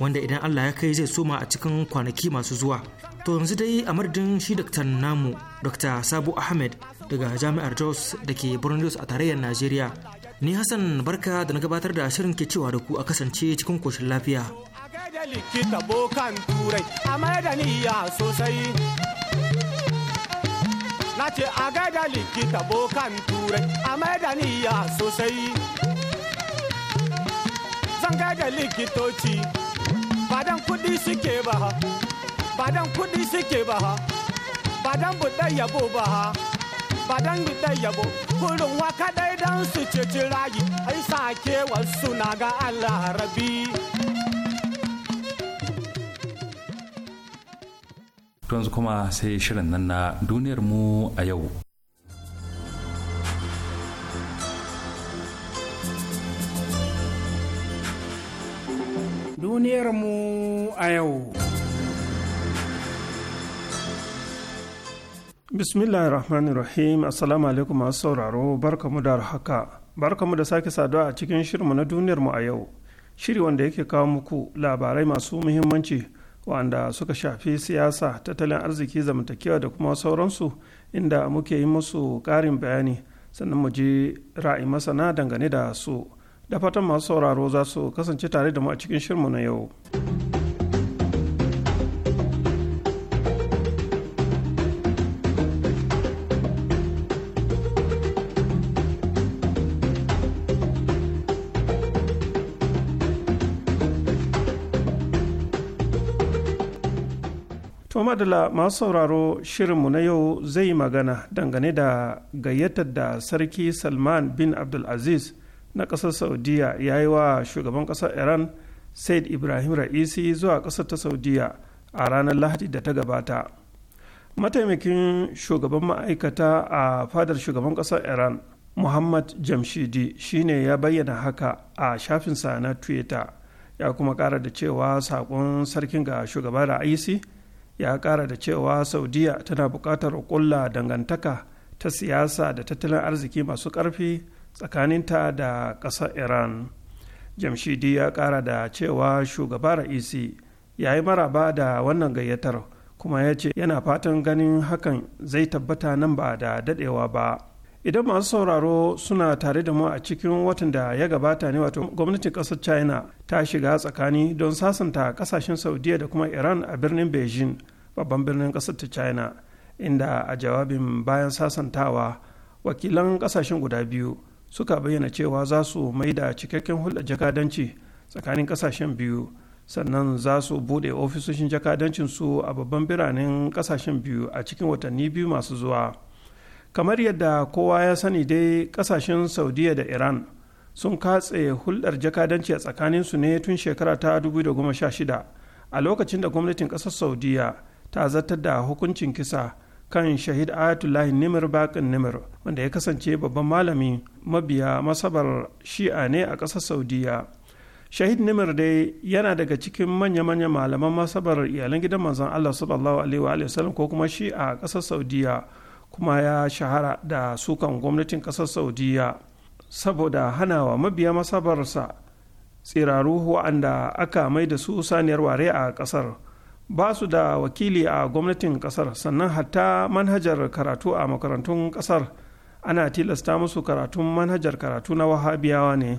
wanda idan Allah ya kai zai soma a cikin kwanaki masu zuwa. To yanzu dai a madadin shi Dr. namu Dr. sabu Ahmed daga Jami'ar Jos da ke birnin Jos a tarayyar Najeriya. Ni Hassan Barka da na gabatar da shirin ke cewa da ku a kasance cikin koshin lafiya. likita bokan a gaida likita bokan turai a sosai zan gaida likitoci badan kudi suke ba ha badan kudi suke ba ha badan budan yabo ba ha badan budan yabo kurin waka dai dan su ceci rayu ai sake wasu na ga Allah rabi yanzu kuma sai shirin nan na duniyar mu a yau duniyarmu a yau. bismillahir rahmanir rahim assalamu alaikum masu sauraro barkamu da haka barkamu da sake saduwa a cikin shirinmu na duniyarmu a yau shiri wanda yake kawo muku labarai masu muhimmanci wanda suka shafi siyasa tattalin arziki zamantakewa da kuma sauransu inda muke yi musu karin bayani sannan mu ji ra'ayi masana dangane da su da fatan masu sauraro za su kasance tare da mu a cikin shirmu na yau. da madala masu sauraro shirinmu na yau zai magana dangane da gayyatar da Sarki Salman bin Abdulaziz na ƙasar saudiya ya yi wa shugaban ƙasar iran said ibrahim ra'isi zuwa ƙasar ta saudiya a ranar lahadi da ta gabata mataimakin shugaban ma'aikata a fadar shugaban ƙasar iran muhammad jamshidi shine ya bayyana haka a shafinsa na twitter ya kuma kara da cewa saƙon sarkin ga shugaban ra'isi ya kara da cewa saudiya tana buƙatar kulla dangantaka ta siyasa da tattalin arziki masu ƙarfi tsakaninta da ƙasar iran jamshidi ya ƙara da cewa shugaba ra'isi ya yi maraba da wannan gayyatar kuma ya ce yana fatan ganin hakan zai tabbata nan ba da dadewa ba idan masu sauraro suna tare da mu a cikin watan da ya gabata ne wato gwamnatin ƙasar china ta shiga tsakani don sasanta ƙasashen saudiya da kuma iran a birnin beijing babban birnin ƙasar ta china inda a jawabin bayan sasantawa wakilan ƙasashen guda biyu suka bayyana cewa za su mai da cikakken hulɗar jakadanci tsakanin ƙasashen biyu sannan za su buɗe ofisoshin jakadancin su a babban biranen ƙasashen biyu a cikin watanni biyu masu zuwa kamar yadda kowa ya sani dai ƙasashen saudiya da iran sun katse hulɗar jakadanci a su ne tun shekara ta 2016 a lokacin da gwamnatin ƙasar saudiya ta zartar da hukuncin kisa kan shahid ayatullahi nimir bakin nimir wanda ya kasance babban malami mabiya masabar shi'a ne a ƙasar saudiya shahid nimir dai yana daga cikin manya-manya malaman masabar iyalan gidan manzon allah sallallahu alaihi wa ko kuma shi'a a ƙasar saudiya kuma ya shahara da sukan gwamnatin ƙasar saudiya saboda hanawa mabiya masabarsa tsiraru wa'anda aka mai da su saniyar ware a ƙasar ba su da wakili a gwamnatin ƙasar sannan hatta manhajar karatu a makarantun ƙasar ana tilasta musu karatun manhajar karatu na wahabiyawa ne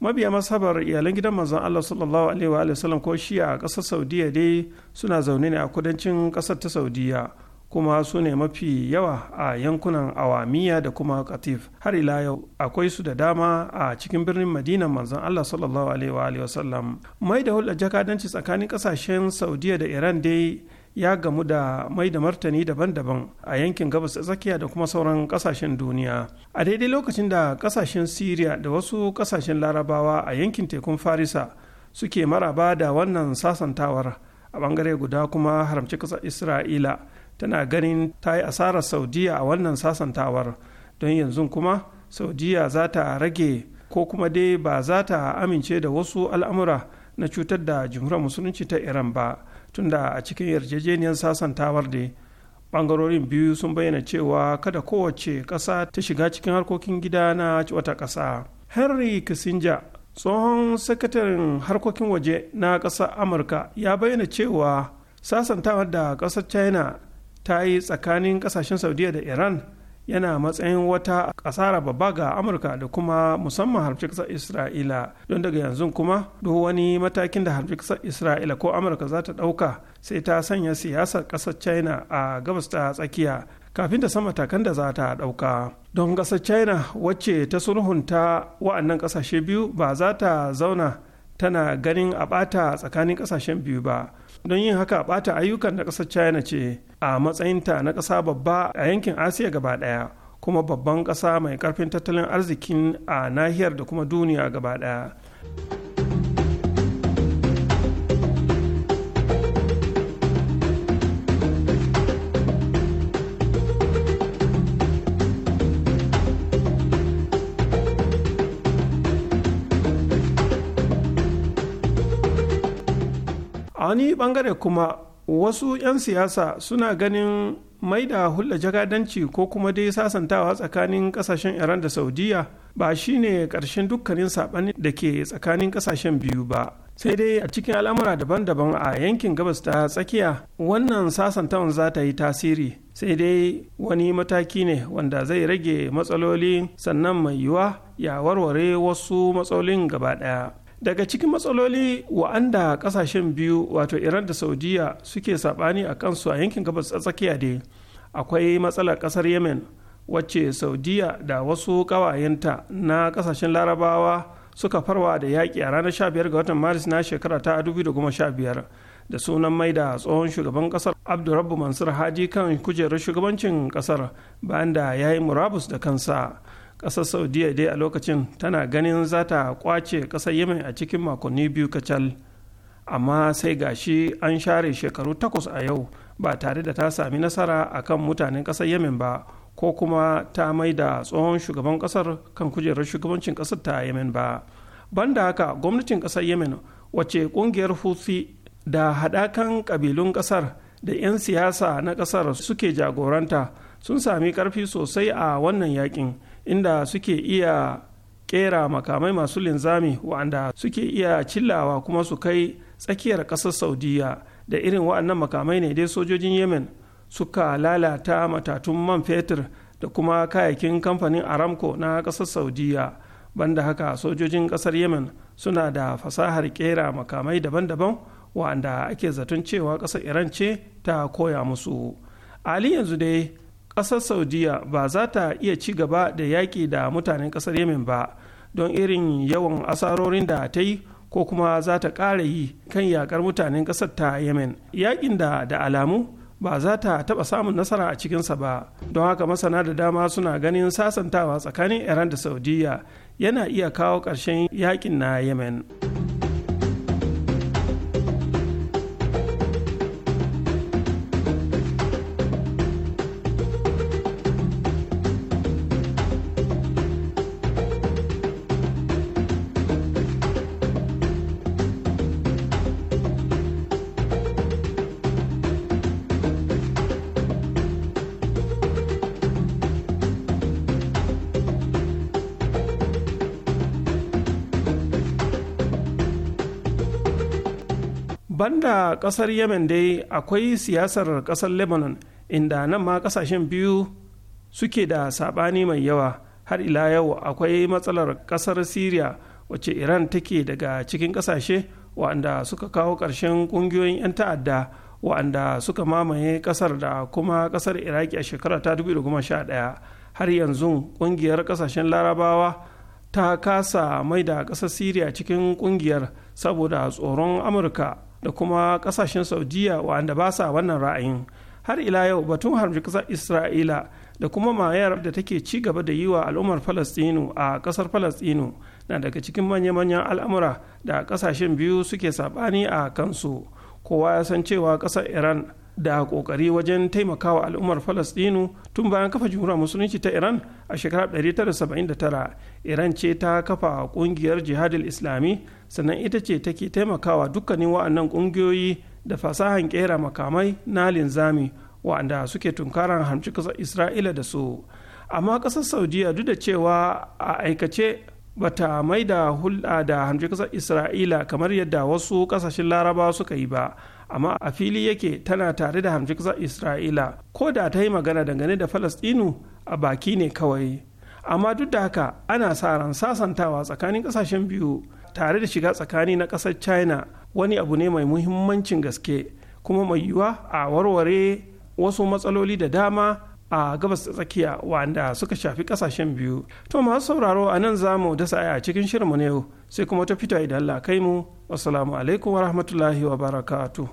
mabiya masabar iyalan gidan manzon Allah sallallahu alaihi wa sallam ko shi'a a ƙasar Saudiya dai suna zaune ne a kudancin ƙasar ta Saudiya kuma su ne mafi yawa a yankunan awamiya da kuma katif har ila yau akwai su da dama a cikin birnin madina manzon allah sallallahu alaihi wa sallam mai da hulɗar jakadanci tsakanin ƙasashen saudiya da iran dai ya gamu da mai da martani daban-daban a yankin gabas tsakiya da kuma sauran kasashen duniya a daidai lokacin da kasashen syria da wasu kasashen larabawa a yankin tekun farisa suke maraba da wannan sasantawar a bangare guda kuma haramci kasar isra'ila tana ganin ta yi asarar saudiya a wannan sasantawar don yanzu kuma saudiya za ta rage ko kuma dai ba za ta amince da wasu al'amura na cutar da jimhuriyar musulunci ta iran ba tunda a cikin yarjejeniyar sasantawar da bangarorin biyu sun bayyana cewa kada kowace ƙasa ta shiga cikin harkokin gida na wata ƙasa henry kissinger tsohon sakataren harkokin waje na ƙasar amurka ya bayyana cewa sasantawar da ƙasar china ta yi tsakanin ƙasashen saudiya da iran yana matsayin wata kasara babba ga amurka da kuma musamman harfi kasar isra'ila don daga yanzu kuma duk wani matakin da harfi kasar isra'ila ko amurka za ta ɗauka sai ta sanya siyasar ƙasar china a gabas ta tsakiya kafin ta sama takan da za ta ɗauka don ƙasar china wacce ta sulhunta wa'annan ƙasashe biyu ba za ta zauna tana ganin a ɓata tsakanin ƙasashen biyu ba don yin haka bata ayyukan na ƙasar china ce a matsayinta na ƙasa babba a yankin asiya gaba ɗaya kuma babban ƙasa mai ƙarfin tattalin arzikin a nahiyar da kuma duniya gaba ɗaya. wani bangare kuma wasu 'yan siyasa suna ganin mai da hulla jagadanci ko kuma dai sasantawa tsakanin ƙasashen iran da saudiya ba shi ne karshen dukkanin saɓani da ke tsakanin ƙasashen biyu ba sai dai a cikin al'amura daban-daban a yankin gabas ta tsakiya wannan sasantawan za ta yi tasiri sai dai wani mataki ne wanda zai rage matsaloli sannan mai yiwuwa ya warware wasu matsalolin gaba ɗaya daga cikin matsaloli wa'anda kasashen biyu wato iran da saudiya suke saɓani a kansu a yankin gabas tsakiya dai akwai matsalar kasar yemen wacce saudiya da wasu ƙawayenta na kasashen larabawa suka farwa da yaƙi a ranar 15 ga watan maris na shekara ta 2015 da sunan mai da tsohon shugaban kasar abdurrabbu mansur hadi kan kujerar shugabancin kasar bayan da ya yi murabus da kansa ƙasar saudiya dai a lokacin tana ganin za ta kwace ƙasar yemen a cikin makonni biyu kacal amma sai gashi an share shekaru takwas a yau ba tare da ta sami nasara a kan mutanen ƙasar yemen ba ko kuma ta mai da tsohon shugaban ƙasar kan kujerar shugabancin ƙasar ta yemen ba banda haka gwamnatin ƙasar yemen wace ƙungiyar houthi da haɗakan ƙabilun ƙasar da 'yan siyasa na ƙasar suke jagoranta sun sami ƙarfi sosai a wannan yakin inda suke iya kera makamai masu linzami wa'anda suke iya cillawa kuma su kai tsakiyar ƙasar saudiya da irin wa'annan makamai ne dai sojojin yemen suka lalata matatun man fetur da kuma kayakin kamfanin aramco na ƙasar saudiya banda haka sojojin ƙasar yemen suna da fasahar kera makamai daban-daban wa'anda ake zaton cewa ƙasar iran ce ta koya musu ali yanzu dai ƙasar saudiya ba za ta iya ci gaba da yaƙi da mutanen ƙasar yemen ba don irin yawan asarorin da ta yi ko kuma za ta ƙara yi kan yaƙar mutanen ƙasar ta yemen yaƙin da da alamu ba za ta taɓa samun nasara a cikinsa ba don haka masana da dama suna ganin sasantawa tsakanin iran da saudiya yana iya kawo ƙarshen yaƙin na yemen. da kasar yemen dai akwai siyasar kasar lebanon inda nan ma kasashen biyu suke da sabani mai yawa har ila yau akwai matsalar kasar syria wacce iran take daga cikin kasashe wa'anda suka kawo ƙarshen ƙungiyoyin 'yan ta'adda wa'anda suka mamaye kasar da kuma kasar iraki a shekara ta 2011 har yanzu ƙungiyar kasashen larabawa ta kasa mai da ƙasar syria cikin ƙungiyar saboda tsoron amurka da kuma kasashen saudiya wa'anda ba sa wannan ra'ayin har ila yau batun harbi kasar isra'ila da kuma mayar da take ci gaba da yi wa al'ummar falastinu a kasar falastinu na daga cikin manya-manyan al'amura da kasashen biyu suke saɓani a kansu kowa ya san cewa kasar iran da kokari wajen taimakawa al'ummar falastinu tun bayan kafa jumhuriyar musulunci ta iran a shekarar 1979 iran ce ta kafa kungiyar jihadil islami sannan ita ce take taimakawa dukkanin wa'annan kungiyoyi da fasahan kera makamai na linzami wa'anda suke tunkaran hamci kasar isra'ila da su amma kasar saudiya duk da cewa a aikace bata mai da hulɗa da hamshe ƙasar isra'ila kamar yadda wasu ƙasashen laraba suka yi ba amma a fili yake tana tare da hamshe ƙasar isra'ila ko da ta yi magana dangane da falastinu a baki ne kawai amma duk da haka ana sa ran sasantawa tsakanin ƙasashen biyu tare da shiga tsakani na ƙasar china wani abu ne mai muhimmancin gaske kuma mai yiwuwa a warware wasu matsaloli da dama a gabas ta tsakiya wanda suka shafi kasashen biyu to masu sauraro a nan za mu dasa aya cikin shirinmu ne yau sai kuma ta fito idan la kai mu wasu alaikum wa rahmatullahi wa barakatuh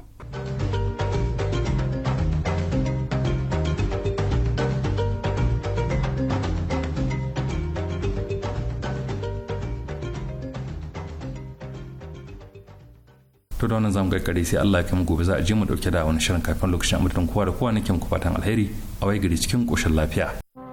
to da wannan zamu ga kare sai Allah ya gobe za a je mu dauke da wani shirin kafin lokacin amurtan kowa da kowa nake muku fatan alheri a wai gari cikin koshin lafiya